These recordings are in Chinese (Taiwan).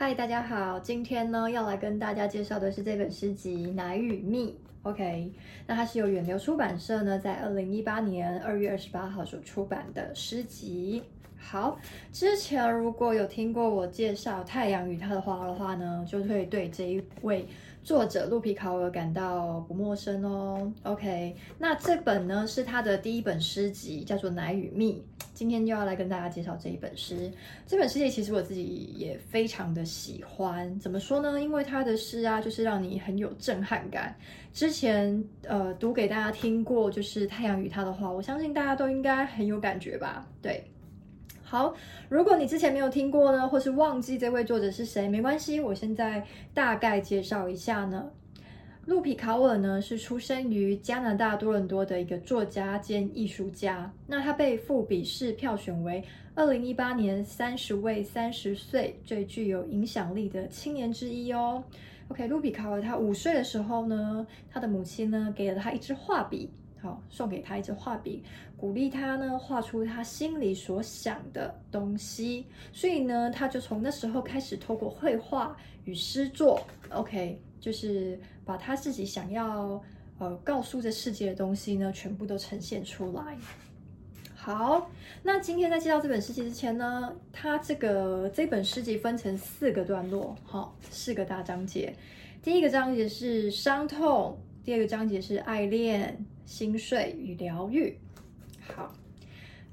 嗨，Hi, 大家好，今天呢要來跟大家介紹的是這本詩集《奶與蜜》，OK，那它是由遠流出版社呢在二零一八年二月二十八號所出版的詩集。好，之前如果有聽過我介紹《太陽與它的花》的話呢，就會對這一位。作者鹿皮考爾感到不陌生哦。OK，那這本呢是他的第一本詩集，叫做《奶與蜜》。今天又要來跟大家介紹這一本詩。這本詩集其實我自己也非常的喜歡。怎麼說呢？因為他的詩啊，就是讓你很有震撼感。之前呃讀給大家聽過，就是《太陽與他》的話，我相信大家都應該很有感覺吧？對。好，如果你之前沒有聽過呢，或是忘記這位作者是誰，沒關係，我現在大概介紹一下呢。露比卡爾呢是出生於加拿大多倫多的一個作家兼藝術家。那他被富比士票選為二零一八年三十位三十歲最具有影響力的青年之一哦。OK，露比卡爾他五歲的時候呢，他的母親呢給了他一支畫筆。好，送給他一支畫筆，鼓勵他呢畫出他心裡所想的東西。所以呢，他就從那時候開始，透過繪畫與詩作，OK，就是把他自己想要呃告訴這世界的東西呢，全部都呈現出來。好，那今天在介紹這本詩集之前呢，他這個這本詩集分成四個段落，哈，四個大章節。第一個章節是傷痛，第二個章節是愛戀。心碎與療癒。好，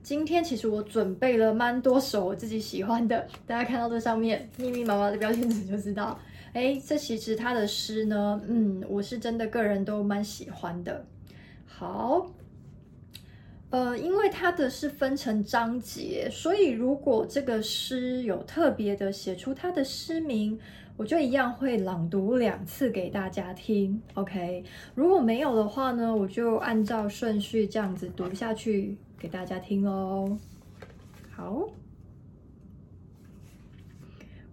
今天其實我準備了蠻多首我自己喜歡的，大家看到這上面密密麻麻的標籤紙就知道。哎，這其實他的詩呢，嗯，我是真的個人都蠻喜歡的。好，呃，因為他的詩分成章節，所以如果這個詩有特別的寫出他的詩名。我就一樣會朗讀兩次給大家聽，OK，如果沒有的話呢，我就按照順序這樣子讀下去給大家聽哦。好，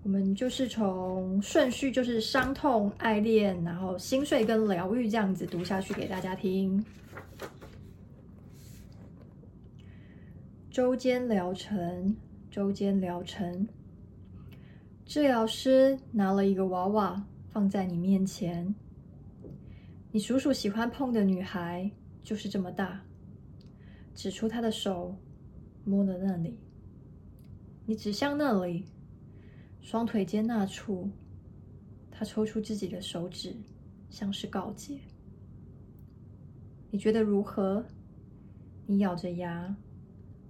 我們就是從順序，就是傷痛、愛戀，然後心碎跟療癒這樣子讀下去給大家聽。周間療程，周間療程。治療師拿了一個娃娃放在你面前，你叔叔喜歡碰的女孩就是這麼大，指出她的手摸了那裡，你指向那裡，雙腿間那處，他抽出自己的手指，像是告誡。你覺得如何？你咬着牙，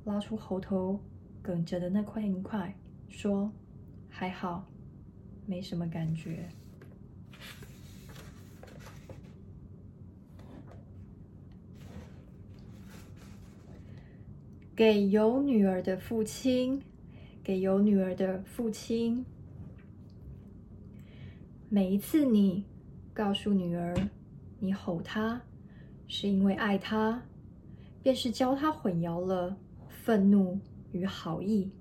拉出喉頭梗着的那塊硬塊，說。還好，沒什麼感覺。給有女兒的父親，給有女兒的父親，每一次你告訴女兒，你吼她，是因為愛她，便是教她混淆了憤怒與好意，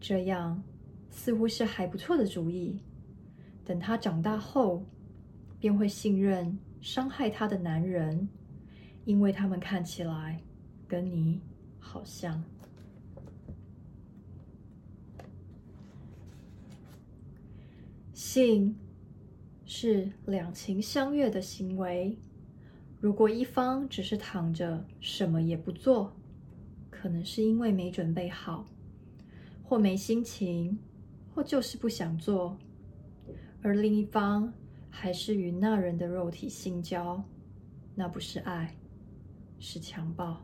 這樣。似乎是還不錯的主意。等他長大後，便會信任傷害他的男人，因為他們看起來跟你好像。性是兩情相悅的行為。如果一方只是躺着什麼也不做，可能是因為沒準備好，或沒心情。或就是不想做，而另一方還是與那人的肉體性交，那不是愛，是強暴。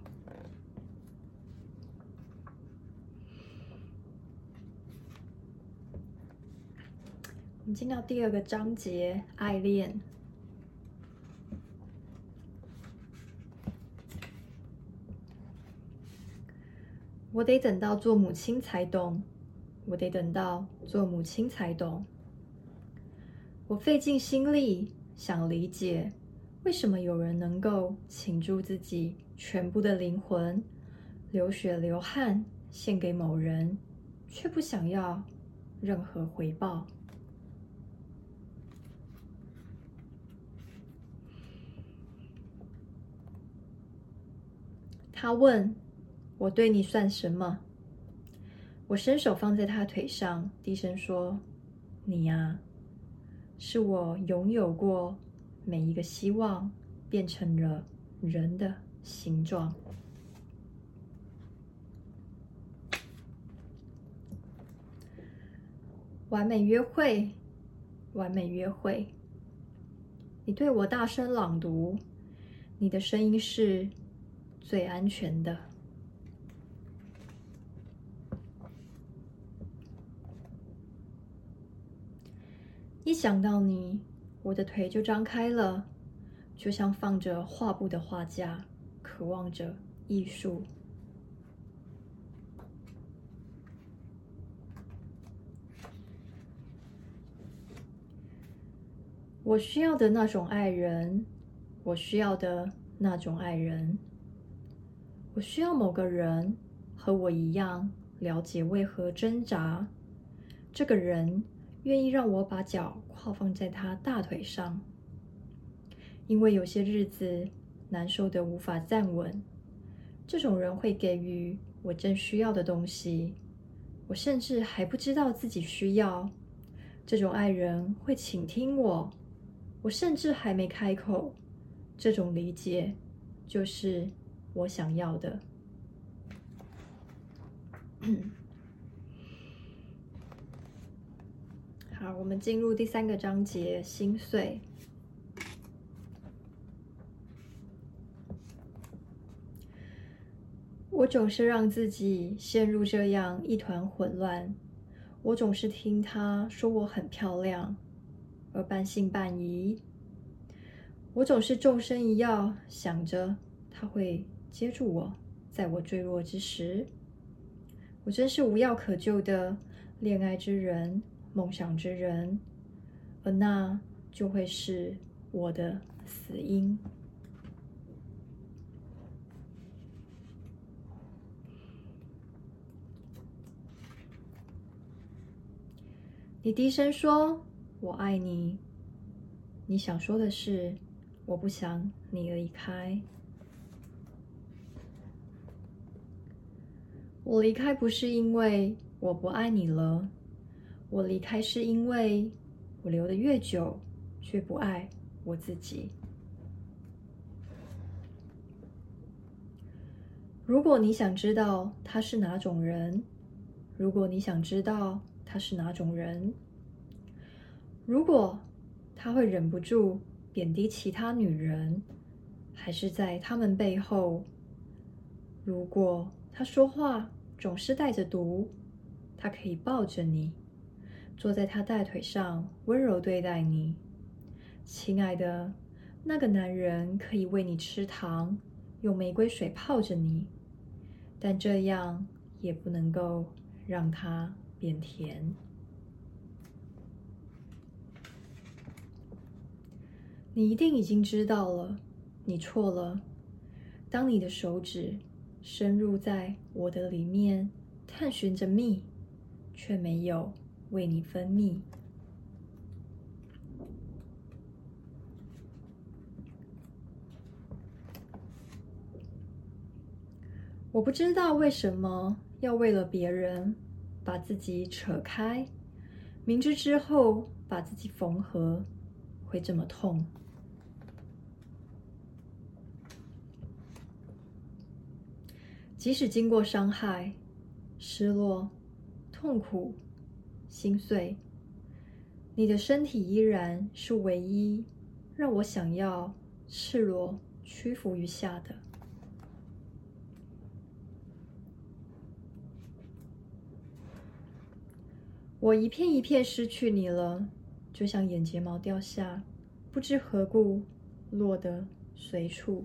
我們進到第二個章節，愛戀。我得等到做母親才懂。我得等到做母親才懂。我費盡心力想理解，為什麼有人能夠傾注自己全部的靈魂，流血流汗獻給某人，卻不想要任何回報。他問，我對你算什麼？我伸手放在他腿上，低聲說：“你呀，是我擁有過每一個希望變成了人的形狀。完美約會，完美約會。你對我大聲朗讀，你的聲音是最安全的。”一想到你，我的腿就張開了，就像放着畫布的畫架，渴望着藝術。我需要的那種愛人，我需要的那種愛人，我需要某個人和我一樣了解為何掙扎。這個人。願意讓我把腳跨放在他大腿上，因為有些日子難受得無法站穩。這種人會給予我正需要的東西，我甚至還不知道自己需要。這種愛人會傾聽我，我甚至還沒開口，這種理解就是我想要的。好，我們進入第三個章節，《心碎》。我總是讓自己陷入這樣一團混亂。我總是聽他說我很漂亮，而半信半疑。我總是縱身一躍，想着他會接住我，在我墜落之時。我真是無藥可救的戀愛之人。夢想之人，而那就會是我的死因。你低聲說：“我愛你。”你想說的是：“我不想你離開。”我離開不是因為我不愛你了。我離開是因為我留得越久，卻不愛我自己。如果你想知道他是哪種人，如果你想知道他是哪種人，如果他會忍不住貶低其他女人，還是在他們背後，如果他說話總是帶着毒，他可以抱着你。坐在他大腿上，溫柔對待你，親愛的。那個男人可以餵你吃糖，用玫瑰水泡着你，但這樣也不能夠讓他變甜。你一定已經知道了，你錯了。當你的手指深入在我的裡面，探尋着蜜，卻沒有。為你分泌。我不知道為什麼要為了別人把自己扯開，明知之後把自己縫合會這麼痛。即使經過傷害、失落、痛苦。心碎，你的身體依然是唯一讓我想要赤裸屈服於下的。我一片一片失去你了，就像眼睫毛掉下，不知何故落得隨處。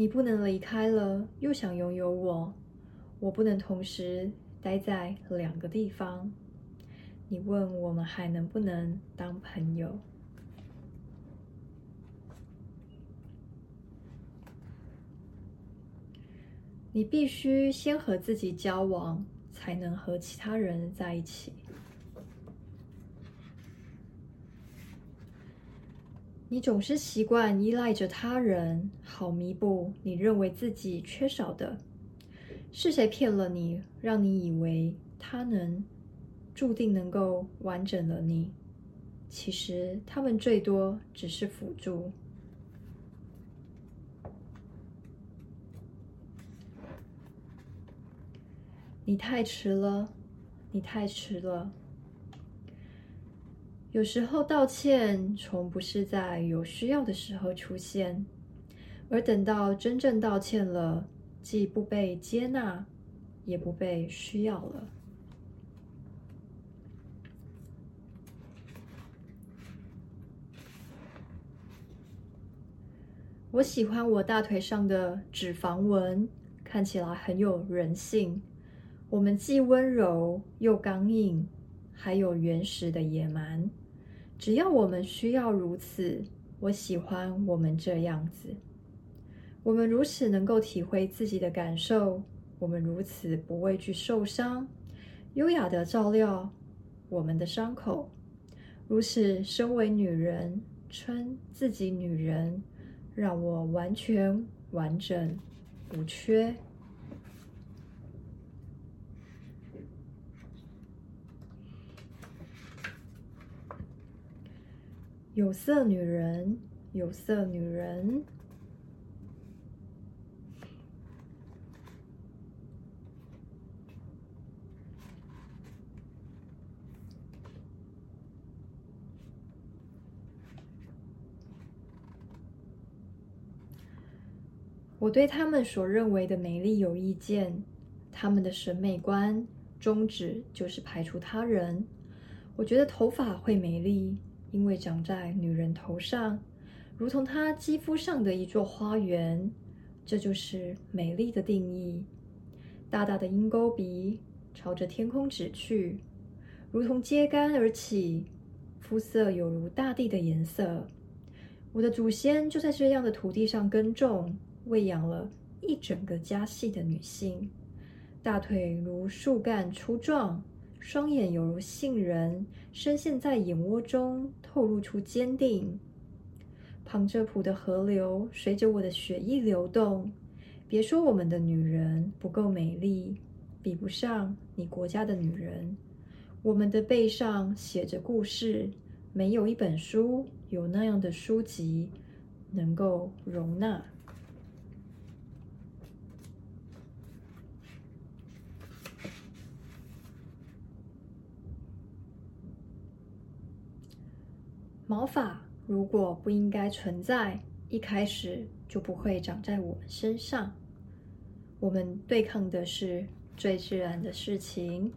你不能離開了，又想擁有我。我不能同時待在兩個地方。你問我們還能不能當朋友？你必須先和自己交往，才能和其他人在一起。你總是習慣依賴着他人，好彌補你認為自己缺少的。是誰騙了你，讓你以為他能注定能夠完整了你？其實他們最多只是輔助。你太遲了，你太遲了。有時候道歉從不是在有需要的時候出現，而等到真正道歉了，既不被接納，也不被需要了。我喜歡我大腿上的脂肪紋，看起來很有人性。我們既溫柔又剛硬。還有原始的野蠻，只要我們需要如此，我喜歡我們這樣子。我們如此能夠體會自己的感受，我們如此不畏懼受傷，優雅地照料我們的傷口。如此身為女人，稱自己女人，讓我完全完整無缺。有色女人，有色女人。我對他們所認為的美麗有意見，他們的審美觀宗旨就是排除他人。我覺得頭髮會美麗。因為長在女人頭上，如同她肌膚上的一座花園，這就是美麗的定義。大大的鷹鈎鼻，朝着天空指去，如同揭竿而起。膚色有如大地的顏色，我的祖先就在這樣的土地上耕種，餵養了一整個家系的女性。大腿如樹幹粗壯。雙眼猶如杏仁，深陷在眼窩中，透露出堅定。旁遮普的河流隨着我的血液流動。別說我們的女人不夠美麗，比不上你國家的女人。我們的背上寫着故事，沒有一本書有那樣的書籍能夠容納。毛髮如果不應該存在，一開始就不會長在我們身上。我們對抗的是最自然的事情。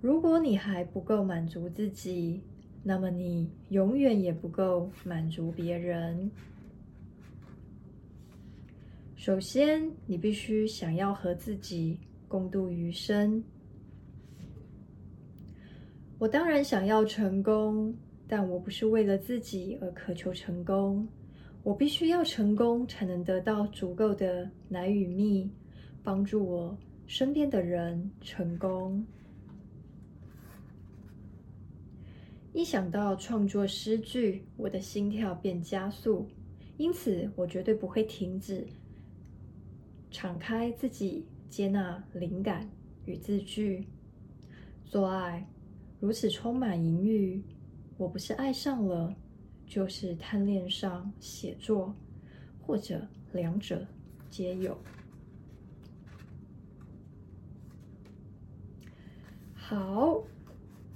如果你還不夠滿足自己，那麼你永遠也不夠滿足別人。首先，你必須想要和自己共度餘生。我當然想要成功，但我不是為了自己而渴求成功。我必須要成功，才能得到足夠的奶與蜜，幫助我身邊的人成功。一想到創作詩句，我的心跳便加速，因此我絕對不會停止。敞開自己，接納靈感與字句，做愛。如此充滿淫慾，我不是愛上了，就是貪戀上寫作，或者兩者皆有。好，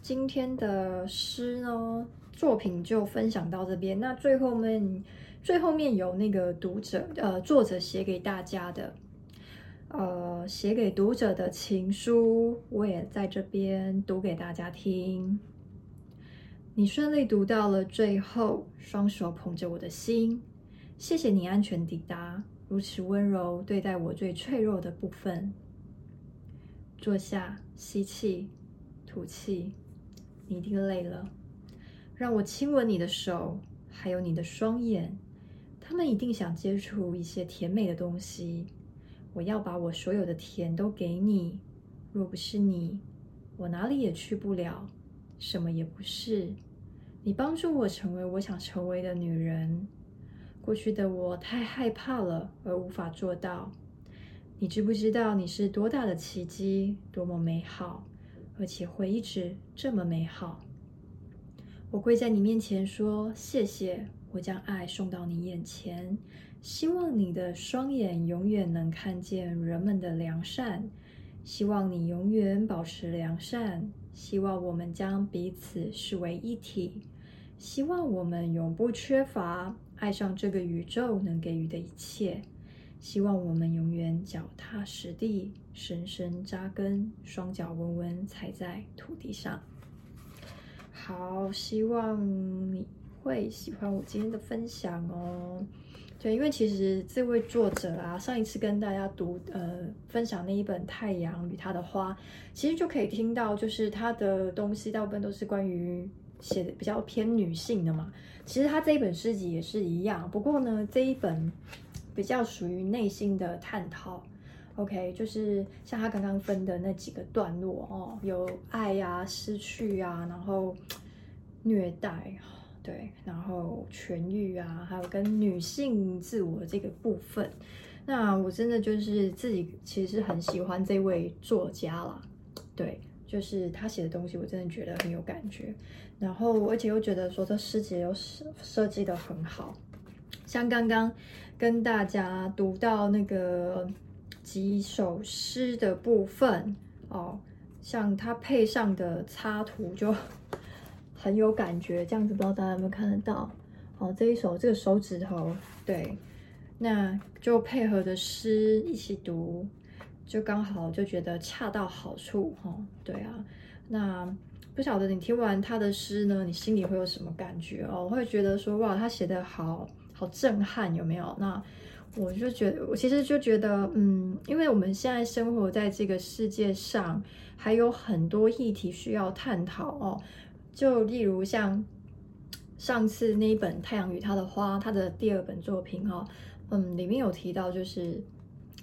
今天的詩呢，作品就分享到這邊。那最後面，最後面有那個讀者，呃，作者寫給大家的，呃。我寫給讀者的情書，我也在這邊讀給大家聽。你順利讀到了最後，雙手捧着我的心，謝謝你安全抵達，如此溫柔對待我最脆弱的部分。坐下，吸氣，吐氣，你一定累了。讓我親吻你的手，還有你的雙眼，他們一定想接觸一些甜美的東西。我要把我所有的甜都給你。若不是你，我哪裡也去不了，什麼也不是。你幫助我成為我想成為的女人。過去的我太害怕了，而無法做到。你知不知道你是多大的奇蹟，多麼美好，而且會一直這麼美好？我跪在你面前說謝謝，我將愛送到你眼前。希望你的雙眼永遠能看見人們的良善，希望你永遠保持良善，希望我們將彼此視為一體，希望我們永不缺乏愛上這個宇宙能給予的一切，希望我們永遠腳踏實地，深深扎根，雙腳穩穩踩在土地上。好，希望你會喜歡我今天的分享哦。對，因為其實這位作者啊，上一次跟大家讀呃、分享那一本《太陽與她的花》，其實就可以聽到，就是他的東西大部分都是關於寫的比較偏女性的嘛。其實他這一本詩集也是一樣，不過呢，這一本比較屬於內心的探討。OK，就是像他剛剛分的那幾個段落哦，有愛呀、啊、失去啊，然後虐待。對，然後痊癒啊，還有跟女性自我的這個部分，那我真的就是自己其實很喜歡這位作家啦。對，就是他寫的東西，我真的覺得很有感覺。然後，而且又覺得說這詩集又設設計得很好，像剛剛跟大家讀到那個幾首詩的部分哦，像他配上的插圖就。很有感覺，這樣子不知道大家有沒有看得到？好，這一首這個手指頭，對，那就配合著詩一起讀，就剛好就覺得恰到好處哈，哦。對啊，那不曉得你聽完他的詩呢，你心裡會有什麼感覺哦？我會覺得說哇，他寫的好好震撼，有沒有？那我就覺得，我其實就覺得，嗯，因為我們現在生活在這個世界上，還有很多議題需要探討哦。就例如像上次那一本《太陽與他的花》，他的第二本作品哈、哦，嗯，裡面有提到，就是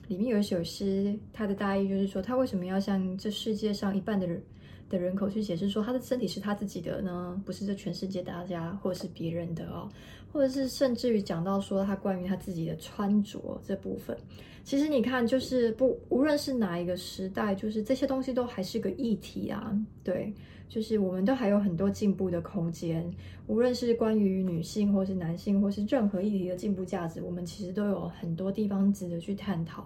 裡面有一首詩，它的大意就是說，他為什麼要向這世界上一半的人的人口去解釋說，他的身體是他自己的呢？不是這全世界大家或者是別人的哦，或者是甚至於講到說他關於他自己的穿着這部分，其實你看，就是不，無論是哪一個時代，就是這些東西都還是個議題啊，對。就是我們都還有很多進步的空間，無論是關於女性，或是男性，或是任何議題的進步價值，我們其實都有很多地方值得去探討。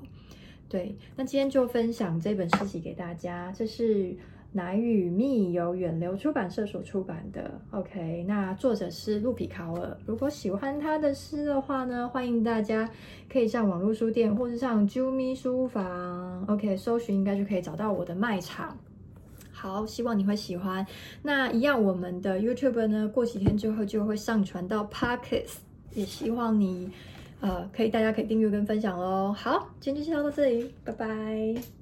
對，那今天就分享這本詩集給大家，這是奶與蜜由遠流出版社所出版的。OK，那作者是露比·考爾。如果喜歡他的詩的話呢，歡迎大家可以上網絡書店，或是上啾咪書房，OK，搜尋應該就可以找到我的賣場。好，希望你會喜歡。那一樣，我們的 YouTube 呢，過幾天之後就會上傳到 Podcast，也希望你，呃，可以大家可以訂閱跟分享哦。好，今天就介紹到這裡，拜拜。